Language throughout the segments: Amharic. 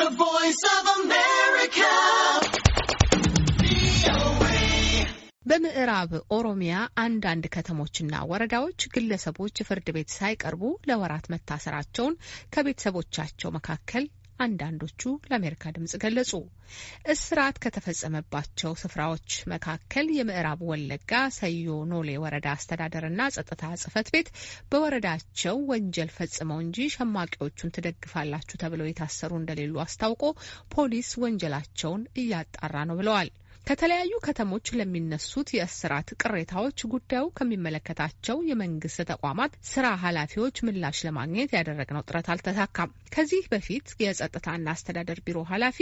The Voice of America. በምዕራብ ኦሮሚያ አንዳንድ ከተሞችና ወረዳዎች ግለሰቦች ፍርድ ቤት ሳይቀርቡ ለወራት መታሰራቸውን ከቤተሰቦቻቸው መካከል አንዳንዶቹ ለአሜሪካ ድምጽ ገለጹ። እስራት ከተፈጸመባቸው ስፍራዎች መካከል የምዕራብ ወለጋ ሰዮ ኖሌ ወረዳ አስተዳደርና ጸጥታ ጽህፈት ቤት በወረዳቸው ወንጀል ፈጽመው እንጂ ሸማቂዎቹን ትደግፋላችሁ ተብለው የታሰሩ እንደሌሉ አስታውቆ ፖሊስ ወንጀላቸውን እያጣራ ነው ብለዋል። ከተለያዩ ከተሞች ለሚነሱት የእስራት ቅሬታዎች ጉዳዩ ከሚመለከታቸው የመንግስት ተቋማት ስራ ኃላፊዎች ምላሽ ለማግኘት ያደረግነው ጥረት አልተሳካም። ከዚህ በፊት የጸጥታና አስተዳደር ቢሮ ኃላፊ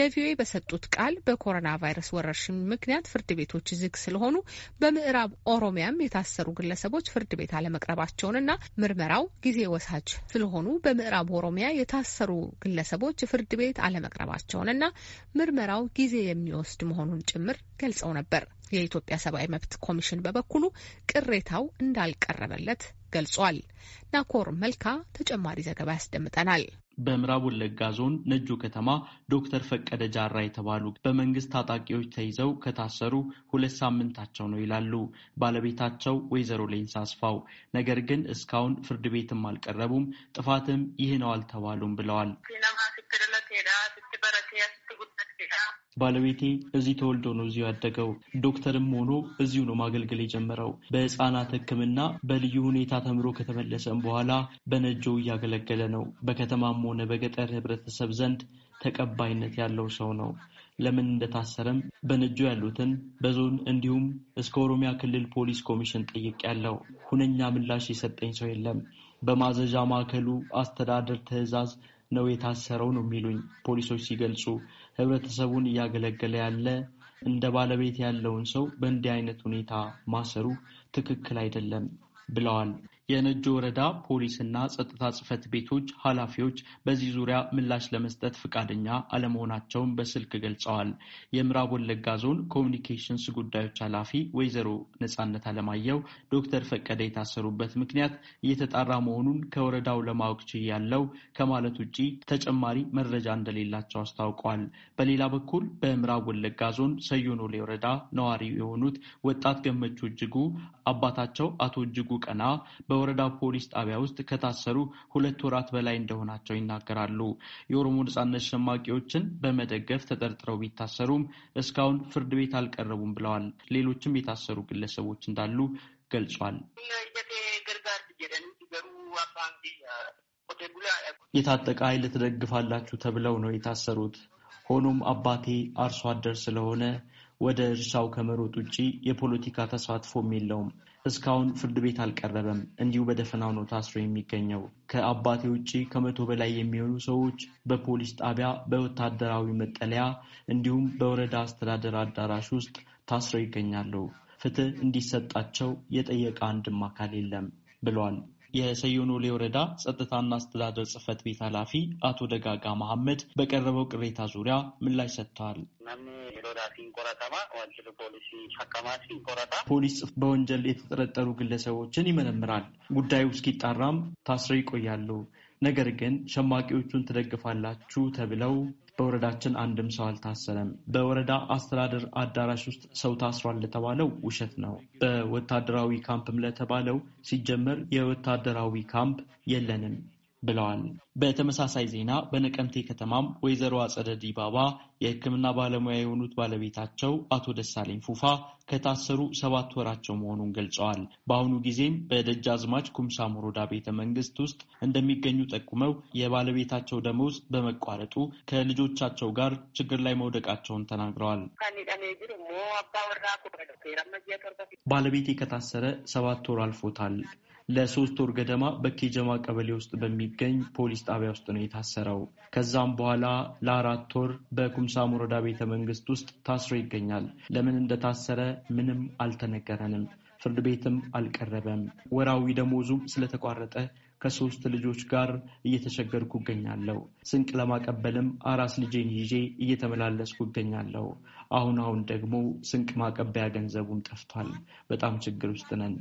ለቪኦኤ በሰጡት ቃል በኮሮና ቫይረስ ወረርሽኝ ምክንያት ፍርድ ቤቶች ዝግ ስለሆኑ በምዕራብ ኦሮሚያም የታሰሩ ግለሰቦች ፍርድ ቤት አለመቅረባቸውንና ምርመራው ጊዜ ወሳጅ ስለሆኑ በምዕራብ ኦሮሚያ የታሰሩ ግለሰቦች ፍርድ ቤት አለመቅረባቸውንና ምርመራው ጊዜ የሚወስድ መሆኑን መሆኑንም ጭምር ገልጸው ነበር። የኢትዮጵያ ሰብአዊ መብት ኮሚሽን በበኩሉ ቅሬታው እንዳልቀረበለት ገልጿል። ናኮር መልካ ተጨማሪ ዘገባ ያስደምጠናል። በምዕራብ ወለጋ ዞን ነጆ ከተማ ዶክተር ፈቀደ ጃራ የተባሉ በመንግስት ታጣቂዎች ተይዘው ከታሰሩ ሁለት ሳምንታቸው ነው ይላሉ ባለቤታቸው ወይዘሮ ሌንስ አስፋው። ነገር ግን እስካሁን ፍርድ ቤትም አልቀረቡም፣ ጥፋትም ይህ ነው አልተባሉም ብለዋል። ባለቤቴ እዚህ ተወልዶ ነው እዚሁ ያደገው። ዶክተርም ሆኖ እዚሁ ነው ማገልገል የጀመረው። በህፃናት ሕክምና በልዩ ሁኔታ ተምሮ ከተመለሰም በኋላ በነጆ እያገለገለ ነው። በከተማም ሆነ በገጠር ህብረተሰብ ዘንድ ተቀባይነት ያለው ሰው ነው። ለምን እንደታሰረም በነጆ ያሉትን በዞን እንዲሁም እስከ ኦሮሚያ ክልል ፖሊስ ኮሚሽን ጠይቅ ያለው ሁነኛ ምላሽ የሰጠኝ ሰው የለም። በማዘዣ ማዕከሉ አስተዳደር ትዕዛዝ ነው የታሰረው ነው የሚሉኝ ፖሊሶች ሲገልጹ። ህብረተሰቡን እያገለገለ ያለ እንደ ባለቤት ያለውን ሰው በእንዲህ አይነት ሁኔታ ማሰሩ ትክክል አይደለም ብለዋል የነጆ ወረዳ ፖሊስና ጸጥታ ጽህፈት ቤቶች ኃላፊዎች በዚህ ዙሪያ ምላሽ ለመስጠት ፈቃደኛ አለመሆናቸውን በስልክ ገልጸዋል። የምዕራብ ወለጋ ዞን ኮሚኒኬሽንስ ጉዳዮች ኃላፊ ወይዘሮ ነጻነት አለማየሁ ዶክተር ፈቀደ የታሰሩበት ምክንያት እየተጣራ መሆኑን ከወረዳው ለማወቅ ችያለው ከማለት ውጭ ተጨማሪ መረጃ እንደሌላቸው አስታውቋል። በሌላ በኩል በምዕራብ ወለጋ ዞን ሰዮኖሌ ወረዳ ነዋሪ የሆኑት ወጣት ገመቹ እጅጉ አባታቸው አቶ እጅጉ ቀና በወረዳው ፖሊስ ጣቢያ ውስጥ ከታሰሩ ሁለት ወራት በላይ እንደሆናቸው ይናገራሉ። የኦሮሞ ነጻነት ሸማቂዎችን በመደገፍ ተጠርጥረው ቢታሰሩም እስካሁን ፍርድ ቤት አልቀረቡም ብለዋል። ሌሎችም የታሰሩ ግለሰቦች እንዳሉ ገልጿል። የታጠቀ ኃይል ትደግፋላችሁ ተብለው ነው የታሰሩት። ሆኖም አባቴ አርሶ አደር ስለሆነ ወደ እርሻው ከመሮጥ ውጪ የፖለቲካ ተሳትፎም የለውም። እስካሁን ፍርድ ቤት አልቀረበም። እንዲሁ በደፈናው ነው ታስሮ የሚገኘው። ከአባቴ ውጭ ከመቶ በላይ የሚሆኑ ሰዎች በፖሊስ ጣቢያ፣ በወታደራዊ መጠለያ እንዲሁም በወረዳ አስተዳደር አዳራሽ ውስጥ ታስረው ይገኛሉ። ፍትህ እንዲሰጣቸው የጠየቀ አንድም አካል የለም ብሏል። የሰዮኖሌ ወረዳ ጸጥታና አስተዳደር ጽህፈት ቤት ኃላፊ አቶ ደጋጋ መሐመድ በቀረበው ቅሬታ ዙሪያ ምላሽ ሰጥተዋል። ፖሊስ በወንጀል የተጠረጠሩ ግለሰቦችን ይመረምራል። ጉዳዩ እስኪጣራም ታስረው ይቆያሉ። ነገር ግን ሸማቂዎቹን ትደግፋላችሁ ተብለው በወረዳችን አንድም ሰው አልታሰረም። በወረዳ አስተዳደር አዳራሽ ውስጥ ሰው ታስሯል ለተባለው ውሸት ነው። በወታደራዊ ካምፕም ለተባለው ሲጀመር የወታደራዊ ካምፕ የለንም። ብለዋል። በተመሳሳይ ዜና በነቀምቴ ከተማም ወይዘሮ አጸደ ዲባባ የሕክምና ባለሙያ የሆኑት ባለቤታቸው አቶ ደሳለኝ ፉፋ ከታሰሩ ሰባት ወራቸው መሆኑን ገልጸዋል። በአሁኑ ጊዜም በደጃዝማች ኩምሳ ሞሮዳ ቤተ መንግስት ውስጥ እንደሚገኙ ጠቁመው የባለቤታቸው ደመወዝ በመቋረጡ ከልጆቻቸው ጋር ችግር ላይ መውደቃቸውን ተናግረዋል። ባለቤቴ ከታሰረ ሰባት ወር አልፎታል። ለሶስት ወር ገደማ በኬጀማ ቀበሌ ውስጥ በሚገኝ ፖሊስ ጣቢያ ውስጥ ነው የታሰረው። ከዛም በኋላ ለአራት ወር በኩምሳም ወረዳ ቤተ መንግስት ውስጥ ታስሮ ይገኛል። ለምን እንደታሰረ ምንም አልተነገረንም። ፍርድ ቤትም አልቀረበም። ወራዊ ደሞዙም ስለተቋረጠ ከሶስት ልጆች ጋር እየተቸገርኩ እገኛለሁ። ስንቅ ለማቀበልም አራስ ልጄን ይዤ እየተመላለስኩ እገኛለሁ። አሁን አሁን ደግሞ ስንቅ ማቀበያ ገንዘቡም ጠፍቷል። በጣም ችግር ውስጥ ነን።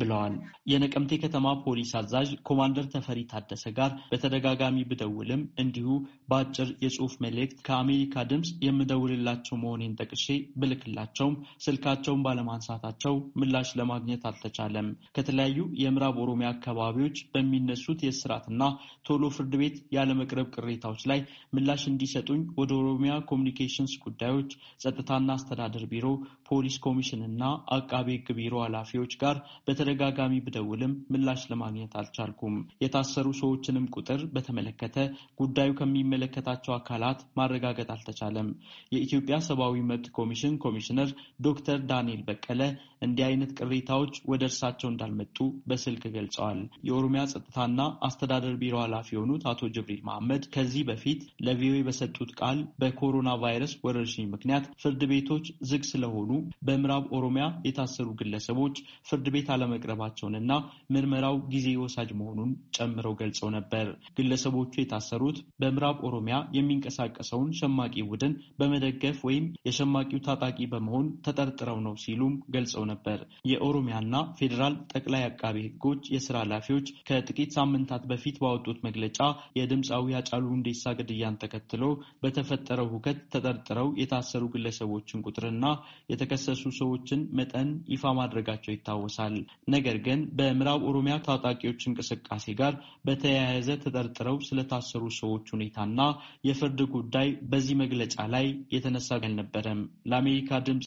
ብለዋል። የነቀምቴ ከተማ ፖሊስ አዛዥ ኮማንደር ተፈሪ ታደሰ ጋር በተደጋጋሚ ብደውልም እንዲሁ በአጭር የጽሁፍ መልእክት ከአሜሪካ ድምፅ የምደውልላቸው መሆኔን ጠቅሼ ብልክላቸውም ስልካቸውን ባለማንሳታቸው ምላሽ ለማግኘት አልተቻለም። ከተለያዩ የምዕራብ ኦሮሚያ አካባቢዎች በሚነሱት የስራትና ቶሎ ፍርድ ቤት ያለመቅረብ ቅሬታዎች ላይ ምላሽ እንዲሰጡኝ ወደ ኦሮሚያ ኮሚኒኬሽንስ ጉዳዮች ጸጥታና አስተዳደር ቢሮ፣ ፖሊስ ኮሚሽን እና አቃቤ ህግ ቢሮ ኃላፊዎች ጋር በተደጋጋሚ ብደውልም ምላሽ ለማግኘት አልቻልኩም። የታሰሩ ሰዎችንም ቁጥር በተመለከተ ጉዳዩ ከሚመለከታቸው አካላት ማረጋገጥ አልተቻለም። የኢትዮጵያ ሰብአዊ መብት ኮሚሽን ኮሚሽነር ዶክተር ዳንኤል በቀለ እንዲህ አይነት ቅሬታዎች ወደ እርሳቸው እንዳልመጡ በስልክ ገልጸዋል። የኦሮሚያ ጸጥታና አስተዳደር ቢሮ ኃላፊ የሆኑት አቶ ጅብሪል መሐመድ ከዚህ በፊት ለቪኦኤ በሰጡት ቃል በኮሮና ቫይረስ ወረርሽኝ ምክንያት ፍርድ ቤቶች ዝግ ስለሆኑ በምዕራብ ኦሮሚያ የታሰሩ ግለሰቦች ፍርድ ቤት አለመቅረባቸውንና ምርመራው ጊዜ ወሳጅ መሆኑን ጨምረው ገልጸው ነበር። ግለሰቦቹ የታሰሩት በምዕራብ ኦሮሚያ የሚንቀሳቀሰውን ሸማቂ ቡድን በመደገፍ ወይም የሸማቂው ታጣቂ በመሆን ተጠርጥረው ነው ሲሉም ገልጸው ነበር። ነበር። የኦሮሚያና ፌዴራል ጠቅላይ አቃቢ ህጎች የስራ ኃላፊዎች ከጥቂት ሳምንታት በፊት ባወጡት መግለጫ የድምፃዊ አጫሉ ሁንዴሳ ግድያን ተከትሎ በተፈጠረው ሁከት ተጠርጥረው የታሰሩ ግለሰቦችን ቁጥርና የተከሰሱ ሰዎችን መጠን ይፋ ማድረጋቸው ይታወሳል። ነገር ግን በምዕራብ ኦሮሚያ ታጣቂዎች እንቅስቃሴ ጋር በተያያዘ ተጠርጥረው ስለታሰሩ ሰዎች ሁኔታና የፍርድ ጉዳይ በዚህ መግለጫ ላይ የተነሳ አልነበረም። ለአሜሪካ ድምፅ